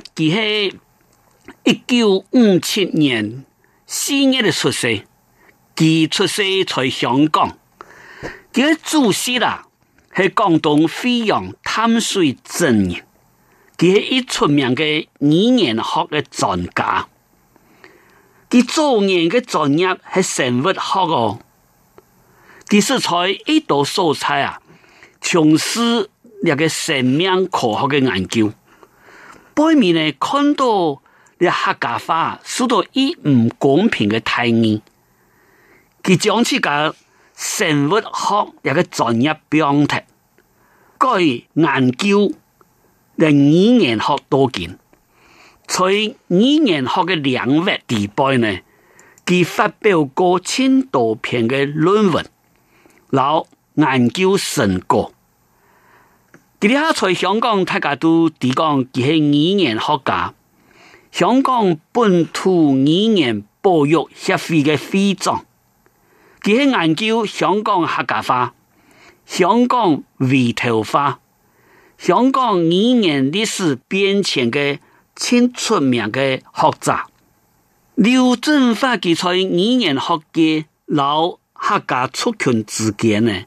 佢一九五七年四月的出生，佢出生在香港。佢祖籍啦，係廣東惠陽淡水鎮人。佢一出名嘅語言學嘅專家。佢早年嘅專業係生物學哦。佢說在呢道蔬菜啊，從事一個生命科學嘅研究。背面呢，看到啲客家話，受到一唔公平嘅待遇，佢將自己生物學入去進一步研究，令語言學多見。在語言學嘅領域地位呢，佢發表過千多篇嘅論文，有研究成果。佢哋喺在香港，大家都提供佢係語言學家。香港本土語言保育協會的會長，佢係研究香港客家法、香港回頭法、香港語言歷史變遷的清出名的學者。劉鎮發佢在語言學嘅老客家族群之間呢，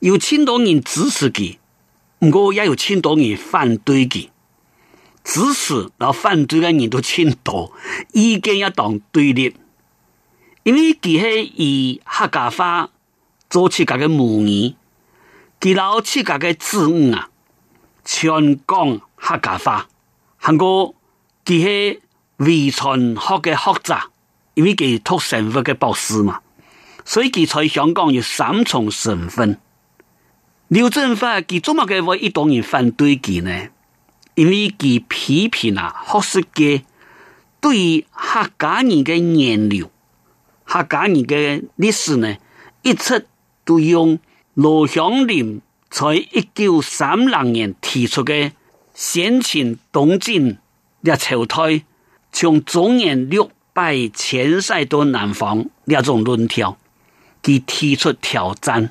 有千多人支持佢。不過也有千多人反對佢，支持然後反對的人都千多，意見也當對立。因為佢係以客家話做自己嘅母語，佢老寫自己子女啊，全港客家話，還個佢係遺傳學嘅學者，因為佢讀神學嘅博士嘛，所以佢在香港有三重身份。劉鎮發佢今日嘅為一黨人反對佢呢，因為佢批評啊，學識嘅對客家語嘅研究。客家語嘅歷史呢，一直都用羅香林在一九三六年提出嘅先秦東晉嘅朝推，從中原六百前塞到南方呢種論調，佢提出挑戰。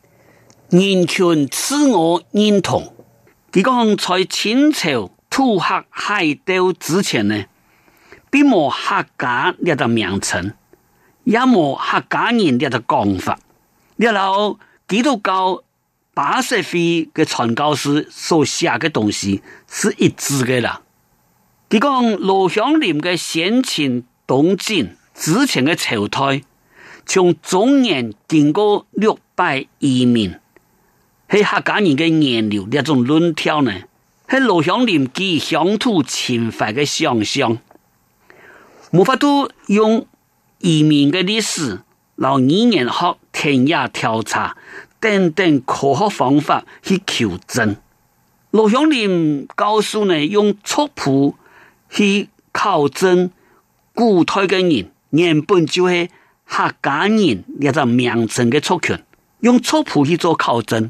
完全自我認同。佢講在清朝土客械鬥之前呢，並沒客家那個名稱，也沒有客家人呢個講法。然後，基督教巴色會嘅傳教士所寫嘅東西是一致嘅啦。佢講羅香林嘅先秦東晉之前嘅朝代，從中原經過六百餘年。喺客家人嘅年流一種論調呢？喺羅香林基於鄉土情懷嘅想象，無法度用移民嘅歷史、老語言學、田野調查等等科學方法去求證。羅香林告訴呢，用族譜去考證古代嘅人，原本就係客家人呢個名稱嘅出現，用族譜去做考證。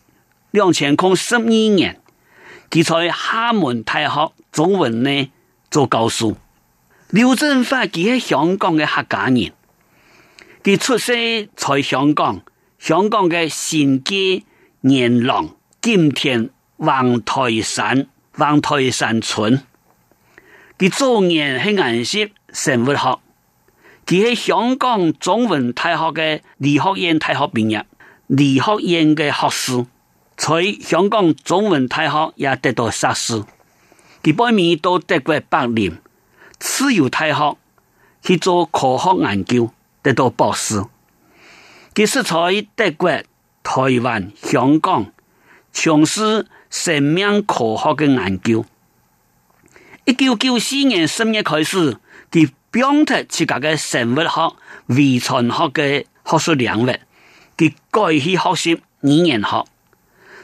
兩千零十二年，佢在廈門大學中文呢做教授。劉鎮發佢喺香港嘅客家人，佢出生在香港，香港嘅新界元朗錦田橫台山橫台山村。佢早年係顏色生物學，佢喺香港中文大學嘅理學院大學畢業，理學院嘅學士。在香港中文大學也得到碩士，佢半年都得過德國柏林自由大學去做科學研究，得到博士。佢是在德國、台灣、香港從事生命科學的研究。一九九四年十月開始，佢表特自己嘅生物學、遺傳學的學術領域，佢改去學習語言學。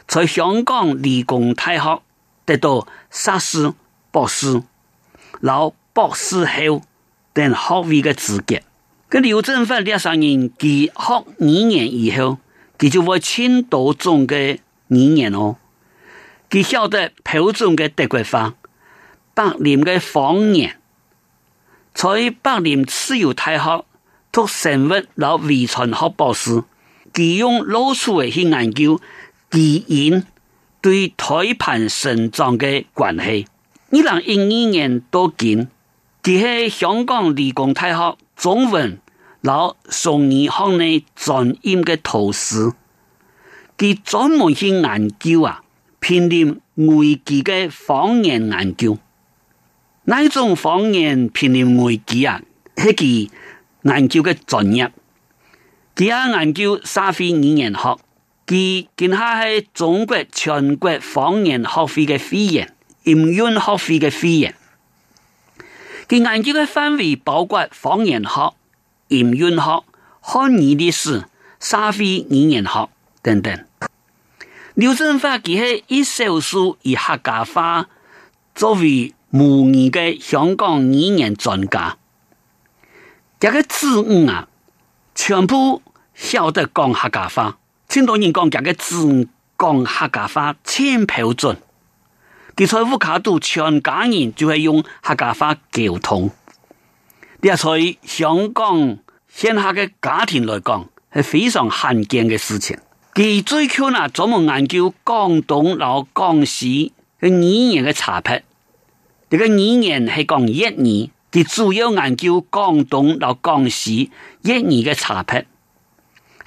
在香港理工大學得到碩士、博士，然後博士後等學位的資格。跟劉鎮發呢三年佢學二年以後，佢就為青島中嘅語言咯。佢曉得普通話嘅德國話、柏林嘅方言。在柏林自由大學讀生物，攞遺傳學博士，佢用老鼠去研究。基因對胎盤生長的關係，二零一二年到今，佢係香港理工大學中文及雙語學系的專業嘅導師，佢專門去研究啊，瀕臨危機嘅方言研究，哪種方言瀕臨危機啊？係佢研究嘅專業，佢阿研究社會語言學。佢他係中國全國方言學會的會員、音韻學會的會員。佢研究嘅範圍包括方言學、音韻學、漢語歷史、社會語言學等等。劉鎮發佢係一收書與客家話作為母語嘅香港語言專家。這個字五啊，全部曉得講客家話。很多人講價格湛江客家話千標準，佢喺屋企度全家人就係用客家話溝通。呢喺香港現下嘅家庭嚟講，係非常罕見嘅事情。佢追求啊，專門研究廣東老廣西嘅語言嘅差別。呢個語言係講粵語，佢主要研究廣東老廣西粵語嘅差別。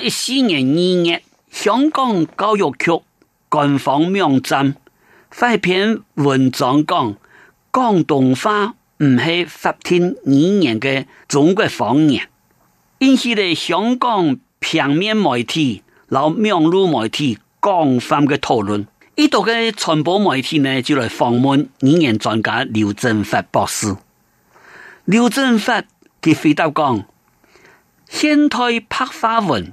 一四年二月，香港教育局官方網站發一篇文章講廣東話唔係法定語言嘅中國方言，因此嚟香港平面媒體、然後網絡媒體廣泛嘅討論，呢度嘅傳播媒體呢就來訪問語言專家劉鎮發博士。劉鎮發佢回答講：先睇拍發文。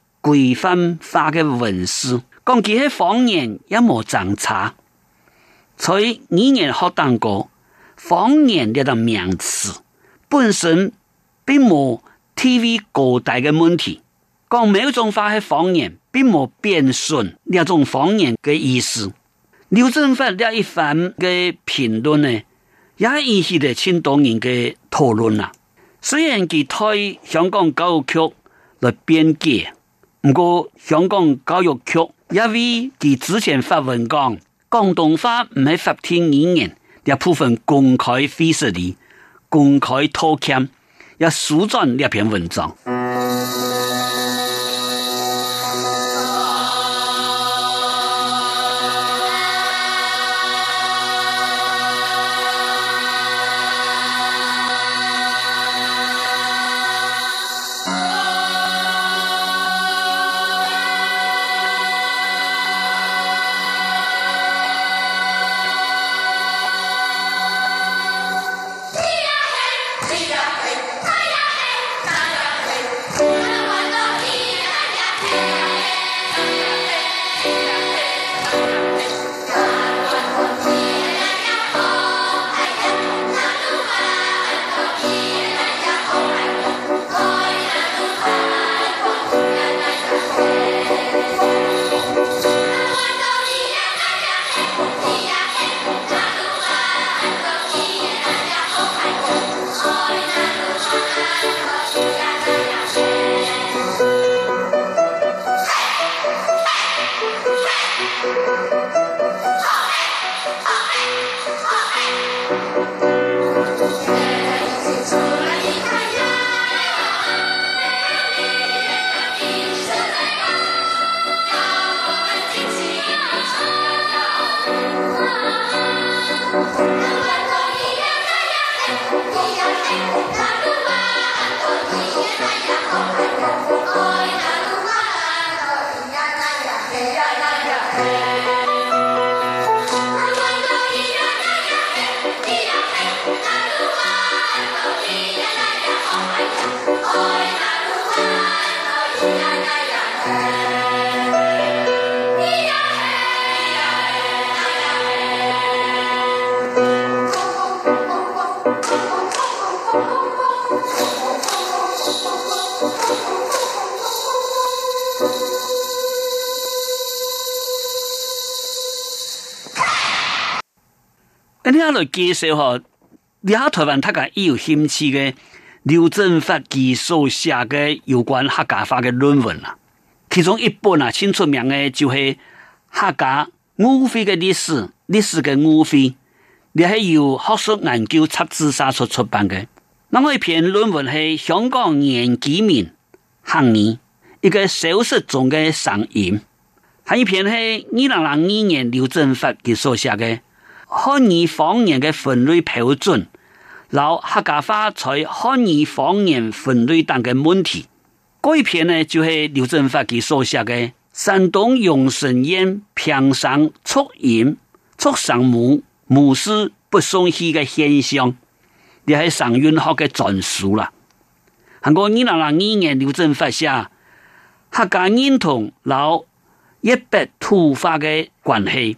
規範化嘅文字，講佢係方言，也冇政策，所以語言學當過方言呢個名詞，本身並冇地位高低嘅問題。講某種話係方言，並冇貶損呢種方言嘅意思。劉鎮發呢一番嘅評論呢，也引起咗前多人嘅討論啊，雖然佢推香港教育局嚟編輯。唔過，香港教育局因為佢之前發文講，廣東話唔係法庭語言，要部分公開廢設的，公開拖欠，要肅轉呢篇文章。嗯嚟介紹嗬，而家台灣，他、啊、講有，有興趣嘅劉鎮發寄所寫嘅有關客家話嘅論文啦、啊，其中一本啊，最出名嘅就係客家誤會嘅歷史，歷史嘅誤會，呢係由學術研究雜誌社出版嘅。另外一篇論文係香港原居民行年一個消失中嘅聲音，還有一篇係二零零二年劉鎮發寄所寫嘅。漢語方言的分類標準，老客家話在漢語方言分類當嘅問題。嗰一篇呢就是劉鎮發佢所寫的《山東用神煙平上促引促上母母師不送氣的現象》，亦是上云鶴的闡述啦。韓國二零零呢年劉鎮發寫客家認同老一筆突發的關係。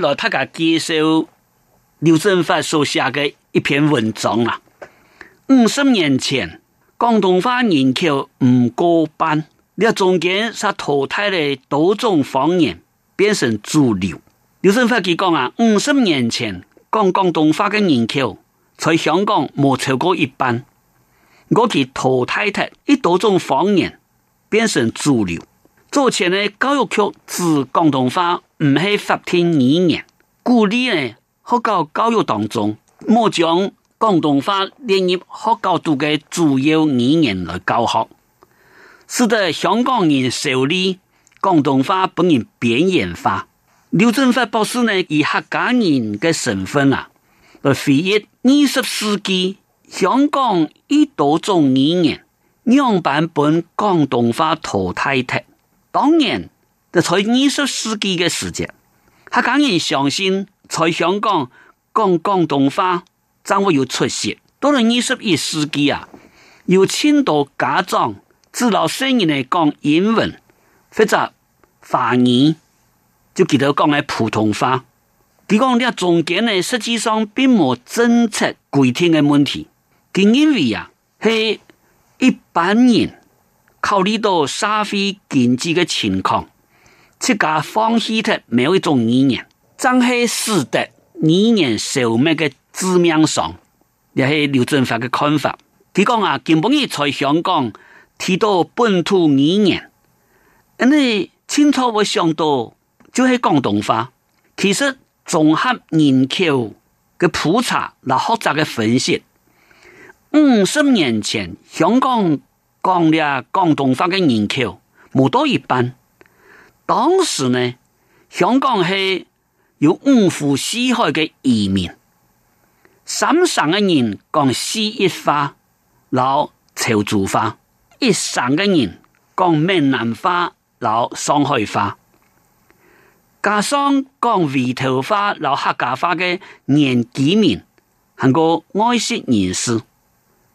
來，大家介紹劉鎮發所寫嘅一篇文章啦、啊。五十年前，廣東話人口唔過半，你中間殺淘汰的多種方言變成主流。劉鎮發佢講啊，五十年前講廣東話嘅人口在香港冇超過一半，我哋淘汰脫一多種方言變成主流。早前呢，教育局指廣東話唔係法定語言，故而呢，學校教育當中冇將廣東話列入學校度嘅主要語言來教學，使得香港人受力廣東話被人邊緣化。劉鎮發博士呢，以客家人嘅身份啊，而回憶二十世紀香港一多種語言兩版本廣東話淘汰脫。當年，就喺二十世紀嘅時節，吓，敢於相信在香港講廣東話，將會有出息。到了二十一世紀啊，有好多家長知道生意呢講英文或者法語，就記得講係普通話。佢講呢中間呢，實際上並冇政策規定的問題，正因為啊，係一般人。考慮到社會經濟嘅情況，這家放棄咗沒有一種語言，正係使得語言壽命嘅致命傷。也是劉鎮發嘅看法。他講啊，根本一在香港提到本土語言，因為清楚我想到就係廣東話。其實綜合人口嘅普查來複雜嘅分析，五十年前香港。講啦，廣東話嘅人口冇多一半。當時呢，香港係有五湖四海嘅移民，三省嘅人講四邑話、老潮州話；一省嘅人講閩南話、老上海話；加上講惠州話、老客家話嘅廿幾名，係個外籍人士。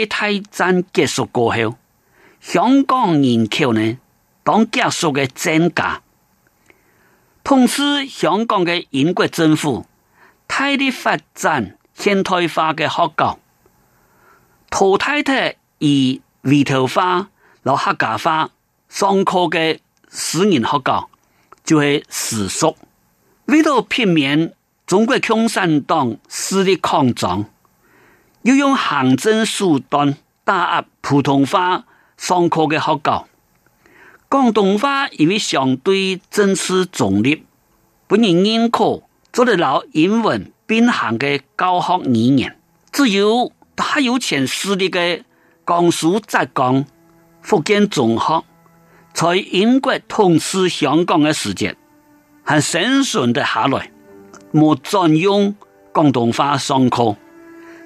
二戰結束過後，香港人口呢當急速嘅增加，同時香港嘅英國政府大力發展現代化嘅學校，淘汰嗰啲以圍頭話、老客家話上課嘅私人學校，就係私塾，為咗避免中國共產黨勢力擴張。要用行政手段打壓普通話上課的學校，廣東話因為相對正式中立，不能認可做得到英文並行的教學理念，只有大有潛勢力的江蘇浙江福建中學，在英國統治香港嘅時間，係生存得下來，冇佔用廣東話上課。